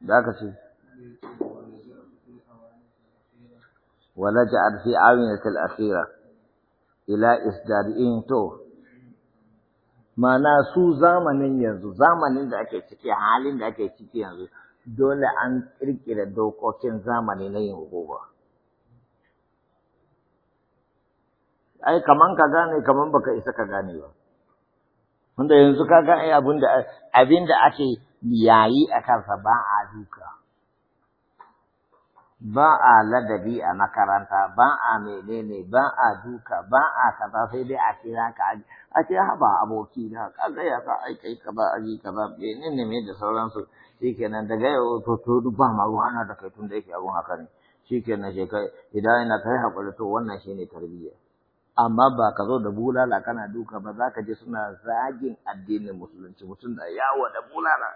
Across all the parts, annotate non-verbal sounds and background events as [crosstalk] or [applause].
da aka ce ولجأت في da الأخيرة ila isdari'in to mana su zamanin yanzu zamanin da ake ciki halin da ake ciki yanzu dole an kirkira dokokin zamani na yin hukuma ai kaman ka gane kaman baka isa ka gane ba wanda yanzu kaga ga abin da ake yayi a kansa ba a duka ba a ladabi a makaranta ba a menene ba a duka ba a kaza sai dai a kira ka a ce haba aboki na kaga ya ka ai ka ba a yi ba menene me da sauransu shikenan daga yau to to ba ma ruwana da kai tun da yake abun haka ne shikenan shekai idan ina kai hakuri to wannan shine tarbiyya amma ba ka zo da bulala kana duka ba za ka je suna zagin addinin musulunci mutum da yawo da bulala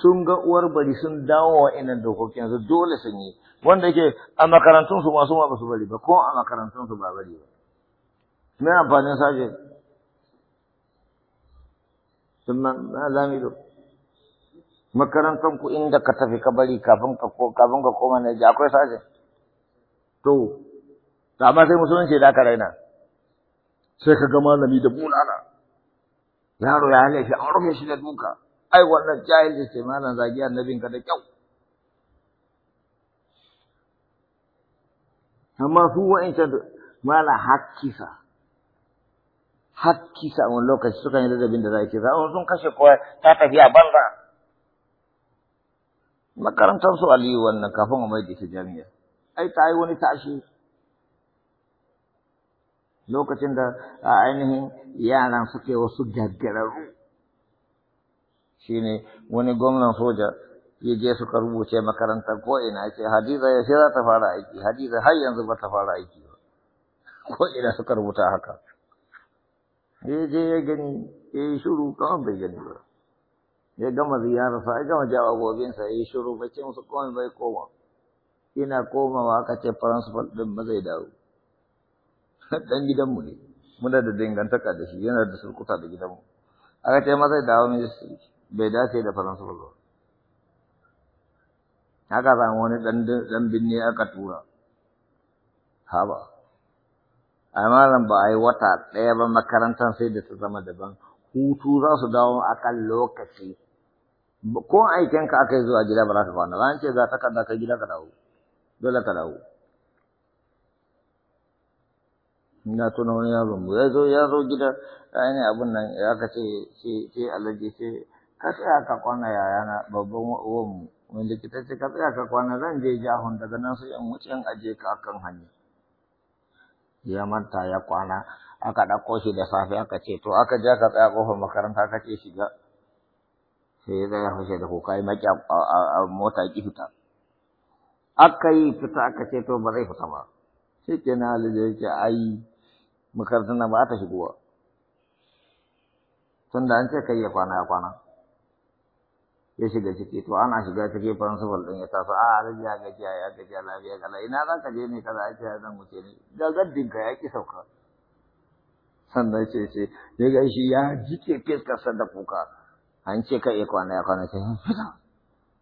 sun ga uwar bari sun dawo wa inan dokokin yanzu dole sun yi wanda yake a makarantunsu masu ma ba bari ba ko a makarantunsu ba bari ba me amfanin sake sannan na lamido makarantanku inda ka tafi ka bari kafin ka koma na akwai sake to amma sai musulunci da aka raina sai ka ga malami da bulala yaro ya halaye an rufe shi da duka ai wannan jahilci ce malam zagiya annabin ka da kyau amma su wa'ancan mala hakkisa hakkisa a wani lokaci sukan yi ladabin da za a ce za sun kashe kowa ta tafi a banza makarantar su aliyu wannan kafin a mai da shi jami'a ai ta yi wani tashi lokacin da a ainihin yaran suke wasu gaggararru shine wani gwamnan soja ya je suka rubuce makarantar ko ina ce hadiza ya za ta fara aiki hadiza har yanzu ba ta fara aiki ba [laughs] ko ina suka rubuta haka ya je ya gani ya yi shuru kamar bai gani ba ya gama ziyararsa ya gama jawabobinsa ya yi shuru bai ce musu kawai bai koma ina komawa aka ce principal ɗin ba zai dawo ɗan gidanmu ne muna da dangantaka da shi yana da surkuta da gidanmu aka ce ma zai dawo ministry bai dace da principal ba haka samu wani ɗan binne aka tura haba a malam ba a yi wata ɗaya ba makarantar sai da ta zama daban hutu za su dawo a kan lokaci ko aikinka aka yi zuwa gida ba za ka kwana ba an ce za ta kada ka gida ka dawo dole ka dawo na tuna wani yaro mu ya zo ya zo gida abin nan ya ka ce ce alaji ce ka tsaya ka kwana yayana babban uwan mu wani likita ce ka tsaya ka kwana zan je jahun daga nan sai in wuce in aje ka akan hanya ya manta ya kwana aka ɗauko shi da safe aka ce to aka ja ka tsaya kofar makaranta kake ce shiga sai ya zai hushe da kuka yi maki a mota ki fita aka yi fita aka ce to ba zai fita ba shi ke na halin da yake ayi makarantar na ba ta shigowa tun da an ce kai ya kwana ya kwana ya shiga ciki to ana shiga ciki principal din ya taso a ah, alaji ya gaji ya gaji ya lafiya kala ina za ka je ne kaza ake ya zan wuce ne ga ka ya ki sauka sannan ce ce ya ga shi ya jike fiskarsa da kuka an ce kai ya kwana ya kwana ce fita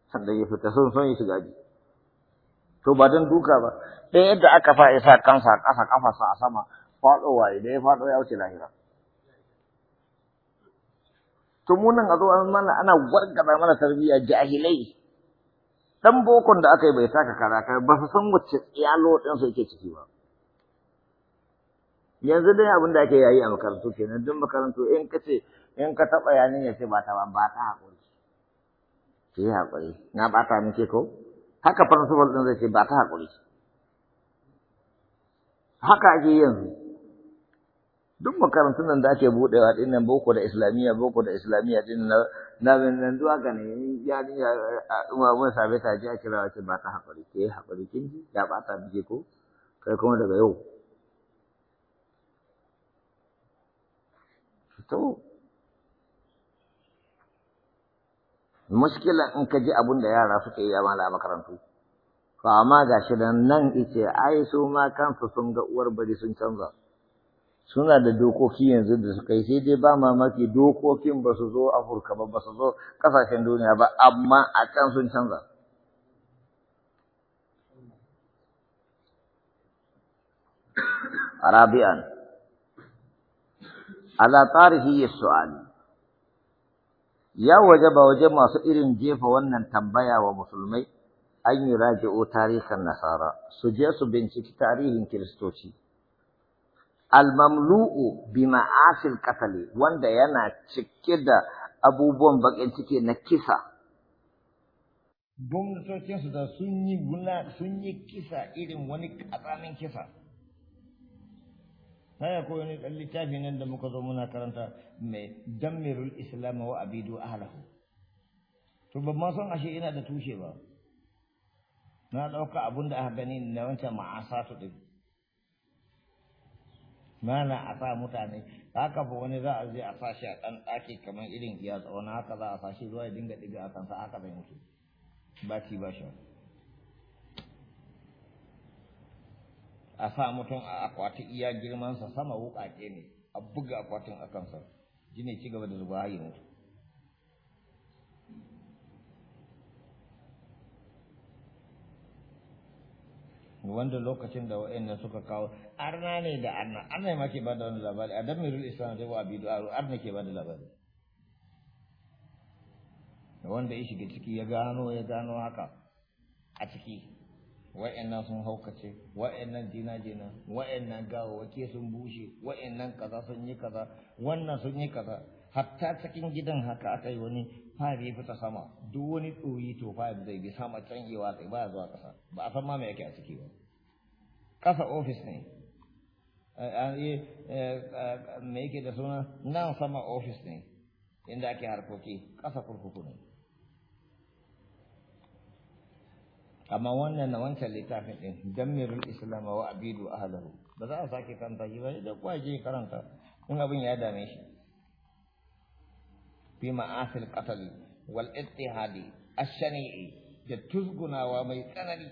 sannan ya fita sun son ya shiga jiki to ba don duka ba ɗaya yadda aka fa isa kansa a ƙasa ƙafarsa a sama faɗowa idan ya faɗo ya wuce lahira to mu nan a zo an mana ana wargaza mana tarbiyya jahilai dan bokon da aka yi bai saka karaka ba su san wacce iyalo ɗin su yake ciki ba yanzu dai abin da ake yayi a makarantu kenan duk makarantu in ka ce in ka taɓa yanin ya ce ba ta ba ba ta haƙuri ke haƙuri na ɓata muke ko haka principal ɗin zai ce ba ta haƙuri haka ake yanzu duk makarantun nan da ake buɗewa ɗin nan boko da islamiyya boko da islamiyya ɗin na na nan zuwa ga ne ya ni ya umma mun sabe ta ji a kira wace ba ta haƙuri ke haƙuri kin ji ya ba ta bije ko kai kuma daga yau to mushkilan in ka ji abin da yara suka yi a makarantu to amma ga shi nan nan ice ai su ma kansu sun ga uwar bari sun canza suna da dokoki yanzu da suka yi sai dai ba mamaki dokokin ba su zo afirka ba ba su zo kasashen duniya ba amma a can sun canza rabi'an ala tarihi su'ali ya waje ba waje masu irin jefa wannan tambaya wa musulmai an yi raji'o tarihin nasara su je su binciki tarihin kiristoci almamlu'u bi ma'asil qatali wanda yana cike da abubuwan bakin ciki na kisa gwamnatocinsu da sun yi kisa irin wani ƙazamin kisa sai ko wani ɗan littafi nan da muka zo muna karanta mai damirul islam wa abidu ahlahu to ban ma san ashe ina da tushe ba na dauka abun da aka gani na wancan ma'asatu din mana a sa mutane haka fa wani za a je a fashi a ɗan ɗaki kamar irin iya tsawon haka za a fashi zuwa ya dinga ɗiga a kansa haka zai mutu ba ci ba shi a sa mutum a akwati iya girmansa sama wuƙaƙe ne a buga akwatin a kansa jini ci gaba da zuba ya mutu wanda lokacin da wa'annan suka kawo arna ne da arna arna ma ke bada wani labari a damirul islam da wa abidu arna ke bada labari wanda ya shiga ciki ya gano ya gano haka a ciki wa'annan sun haukace wa'annan jina-jina wa'annan wake sun bushe wa'annan kaza sun yi kaza wannan sun yi kaza hatta cikin gidan haka aka yi wani fari fita sama duk wani tsoyi to fari zai bi sama can yi watsa ba zuwa kasa ba a san ma me yake a ciki ba kasa ofis ne eh, eh, eh, me yake da suna nan sama ofis ne inda ake harkoki kasa kurkuku ne amma wannan na wancan littafin din dan islam wa abidu ahlahu ba za a sake karanta shi ba da kwaje karanta in abin ya dame shi fi ma'asil qatl wal ittihadi a shanii da tuzgunawa mai tsanani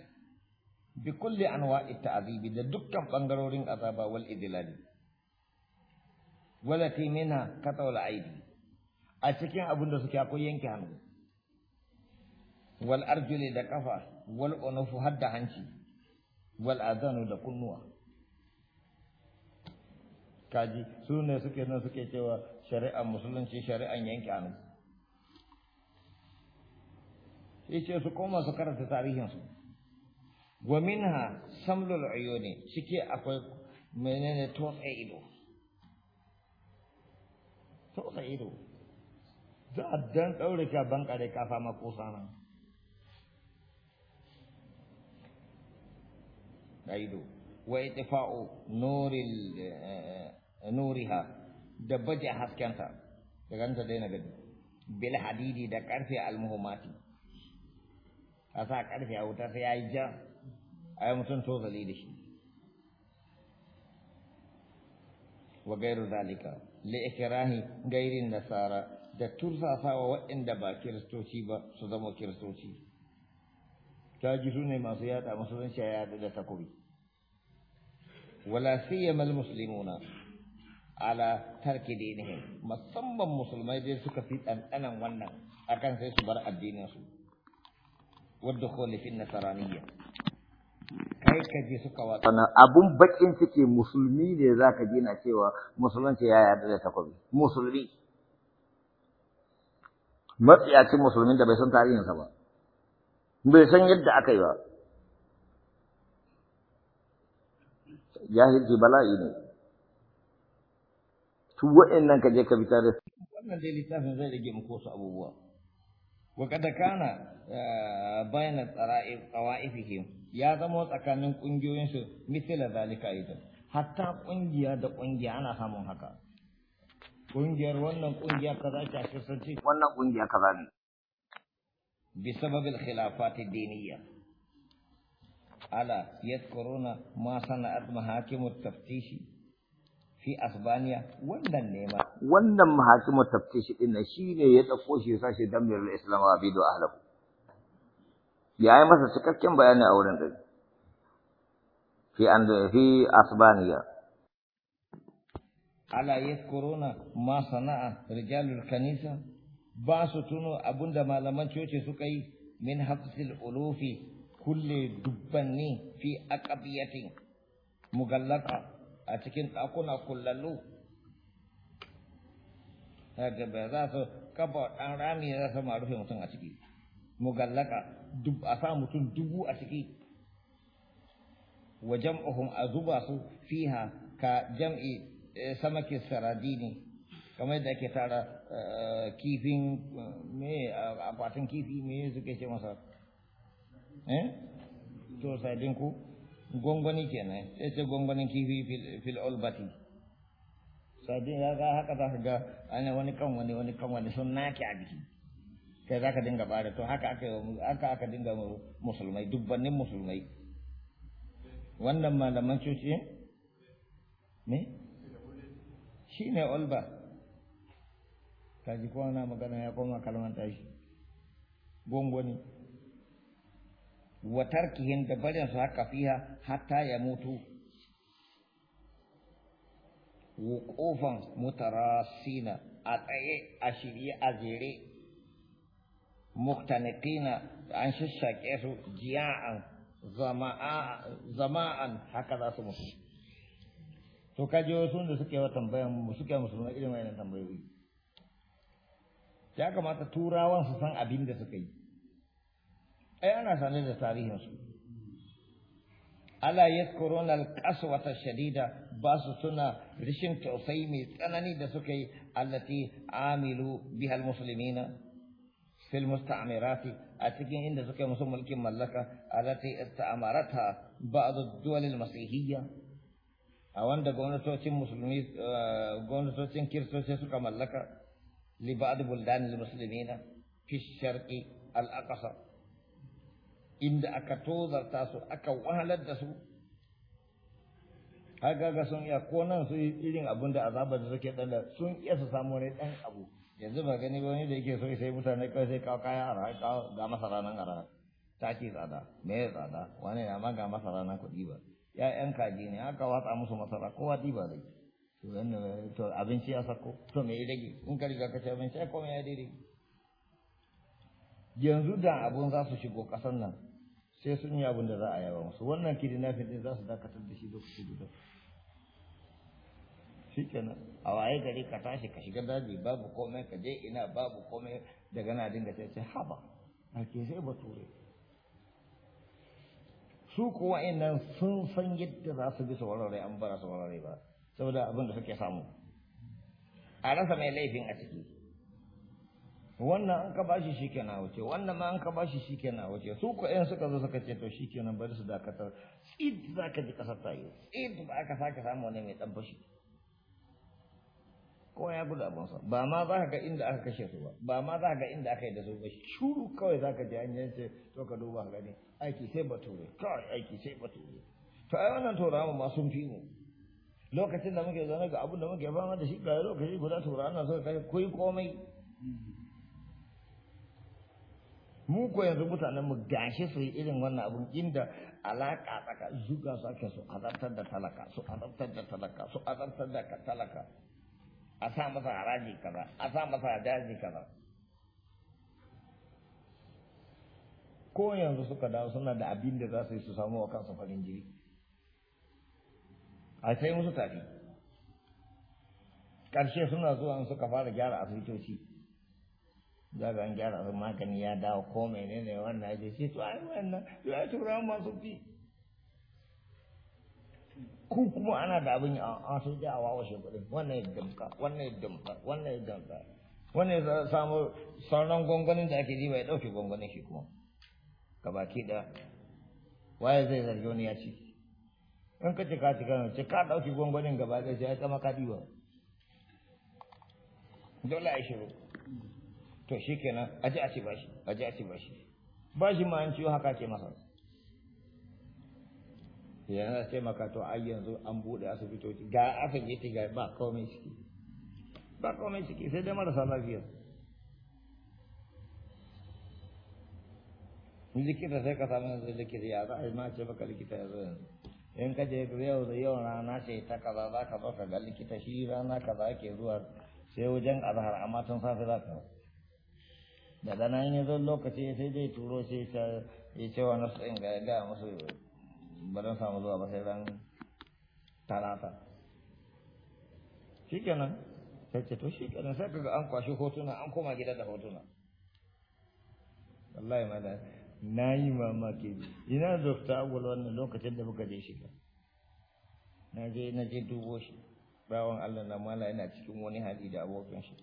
bi kulli anwa'i ta'zibi da dukkan bangarorin azaba wal idlali walati minha qatl aidi a cikin abin da suke akwai yanke hannu wal arjuli da kafa wal unufu har da hanci wal azanu da kunnuwa kaji su ne suke nan suke cewa shari'ar musulunci shari'an yanke hannu sai ce su koma su karanta tarihinsu wa minha samlul uyuni cike akwai menene totsa ido totsa ido za a dan daure ka bankare kafa makusa nan عيدو وإطفاء نور آه، نورها دبجة حسكنتا دغنت دينا قد بالحديد دا كرفي المهماتي أسا كرفي أو تسي أي جا أي متن توزلي دشي وغير ذلك لإكراه غير النصارى da tursasawa waɗanda ba kiristoci ba su zama kiristoci ji su ne masu yada musulunci ya yada da takobi wala siyamal muslimuna ala tarki dinihim musamman musulmai dai suka fi ɗanɗanan wannan akan sai su bar addinin su wadda kone fi nasaraniya kai ka je suka wata abun bakin suke musulmi ne za ka na cewa musulunci ya yada da takobi musulmi matsiyacin musulmin da bai san tarihinsa ba bai san yadda aka yi ba jahilci bala'i ne su wa'annan ka je ka bi tare wannan dai littafin zai rage muku wasu abubuwa wa kada kana eh, bayan tsara'i qawa'ifihim ya zama tsakanin kungiyoyin su misila zalika idan hatta kungiya da kungiya ana samun haka kungiyar wannan kungiya kaza ce a wannan kungiya kaza ne بسبب الخلافات الدينية ألا يذكرون ما صنعت محاكم التفتيش في أسبانيا wannan ne ma wannan mahakimu taftishi din nan shine ya dauko shi sashi damir al-islam wa bidu ahlahu yayi masa cikakken bayani a wurin gari fi an fi asbaniya ala yadhkuruna ma sana'a rijalul kanisa ba su tuno da malaman coci suka yi min hafsil ulufi kulle dubbanni fi aqabiyatin mugallaka a cikin ɗakuna kullallu Ta ba za su kafa ɗan rami za su ma rufe mutum a ciki mugallaka dub a sa mutum dubu a ciki wa jam'uhum a zuba su fiha ka jam'i eh, samaki saradini kamar da ake tara eh, kifin me akwatin kifi me suke ce masa eh to sadin ku gongoni kenan sai ce gongonin kifi fil ulbati sadin ya ga haka za ka ga ana wani kan wani wani kan wani sun naki a biki kai za ka dinga bada to haka aka aka aka dinga musulmai dubbannin musulmai wannan malaman cuci ne shi ne olba kaji kuma na magana ya koma kalmar tashi gongoni wa tarkihin da barin su haka fiya hatta ya mutu wuqufan mutarasina a tsaye a shirye a jere muktanikina an shishake su jiya'an zama'an haka za su mutu to kaji wasu da suke wa tambayan suke musulmai irin wayannan tambayoyi ya kamata turawan su san abin da suka yi ai ana sane da tarihin su ala yadhkuruna al shadida ba su tuna rishin tausayi mai tsanani da suka yi allati amilu bihal muslimina fil musta'mirati a cikin inda suka yi musu mulkin mallaka allati ista'marata ba'd ad-duwal al-masihiyya a wanda gwamnatocin musulmi eh, gwamnatocin kiristoci suka mallaka لبعض بلدان المسلمين في الشرق الأقصى إن أكتوذر تاسو أكوهلت دسو haka ga sun iya ko nan su irin abin da azabar da suke danda sun iya su samu wani dan abu yanzu ba gani ba wani da yake so sai mutane kawai sai kawo kaya a raka ga masara nan a taki tsada me ya tsada wani na ma ga masara nan kuɗi ba ya'yan kaji ne aka watsa musu masara kowa ɗiba zai to abinci ya sako to me ya dage in ka riga ka ci abinci ya koma ya daidai yanzu da abun za su shigo kasar nan sai sun yi abun da za a yaba musu wannan kidnapping din za su dakatar da shi lokaci guda kenan a waye gari ka tashi ka shiga daji babu komai ka je ina babu komai daga na dinga ce ce haba a ke sai bature su kuwa inan sun san yadda za su bi su warware an bara su wararai ba saboda abin da suke samu a rasa mai laifin a ciki wannan an ka bashi kenan wuce wannan ma an ka bashi kenan wuce su ko ɗayan suka zo suka ce to kenan bari su dakatar tsid za ka ji ƙasar ta yi tsid ba ka sake samu wani mai ɗan fashi ko ya gudu sa ba ma za ka ga inda aka kashe su ba ba ma za ka ga inda aka yi da su ba shuru kawai za ka ji an yance to ka duba ka gani aiki sai bature kawai aiki sai bature to ai wannan turawa ma sun fi mu lokacin da muke zaune ga abin da muke fama da shi ga lokaci guda tura ana so kai kuyi komai mu ko yanzu mutanen mu gashi su yi irin wannan abun inda alaka tsaka zuga su ake su azartar da talaka su azartar da talaka su azartar da talaka a sa masa haraji kaza a sa masa daji kaza ko yanzu suka dawo suna da abin da za su yi su samu wa kansu farin jini a sai musu tafi ƙarshe suna zuwa suka fara gyara asibitoci za ga an gyara su magani ya dawo ko ne wannan ya ce to ai wannan ya ran masu fi ku kuma ana da abin a su ji a wawashe kuɗin wannan ya damka wannan ya damka wannan ya damka wannan ya samu sauran gwangwanin da ake ji bai ɗauke gwangwanin shi kuma gabaki ɗaya waye zai zargi wani ya ci in ka cika cika ce ka ɗauki gwangwanin gaba ɗaya sai ya kama ka ba dole a shiru to shi kenan a ji a ci bashi a ji a ci bashi bashi ma an ciwo haka ce masa yanzu ce maka to ai yanzu an buɗe asibitoci ga asibiti ga ba komai ciki ba komai ciki sai dai marasa lafiya likita sai ka samu yanzu likita ya za a yi ma ce maka likita ya zo yanzu in ka je yau da yau rana ce ta kaza za ka zo ka ga likita shi rana kaza ke zuwa sai wajen azhar amma tun safe za ka daga nan ya zo lokaci sai zai turo sai ya ce wa nasu in ga ga musu ba don samu zuwa ba sai ran talata kenan sai ce to kenan sai ga an kwashi hotuna an koma gida da hotuna wallahi malam na yi mamaki ina zofta agwal wannan lokacin da muka je shiga na je na je dubo shi bawon allah na mala yana cikin wani hali da abokin shi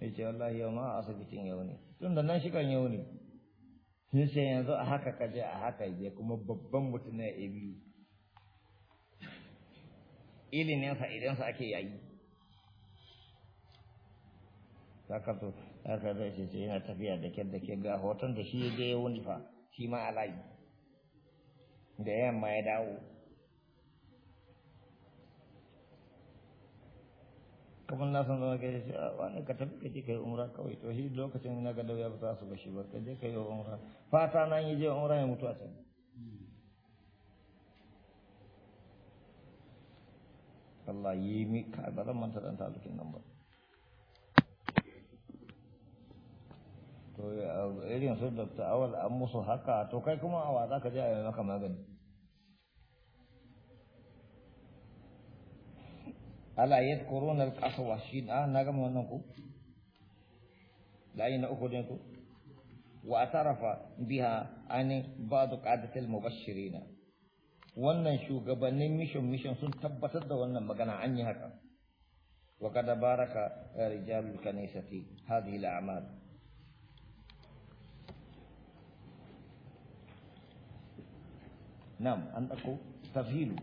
ya ce wallahi yau ma a asibitin yau ne tun da nan shigan yau ne sun ce yanzu a haka ka je a haka je kuma babban mutum na ya biyu ilimin sa ake yayi zaka to zaka zai ce sai yana tafiya da kyar da kyar ga hoton da shi da ya je wani fa shi ma alayi da yamma ya dawo kamar na san zama kai shi a ah, wani ka tafi ka je ka yi umra kawai to shi lokacin na ga dauya ba za su bashi ba ka je ka yi umra fata nan yi je umra ya mutu a can Allah yi mi ka ba zan manta dan talukin nan ba to eh, irin su da ta'awar an musu haka to kai kuma awa za ka je a yi maka magani ala yadkuruna al-qaswa shin ah na gama wannan ku layi na uku ne ku wa a tarafa biha ani ba da ba'd qadatil mubashirin wannan shugabannin mission mission sun tabbatar da wannan magana an yi haka wa kada baraka eh, rijalul kanisati hadhihi al Naam, an ɗauko tafhilu.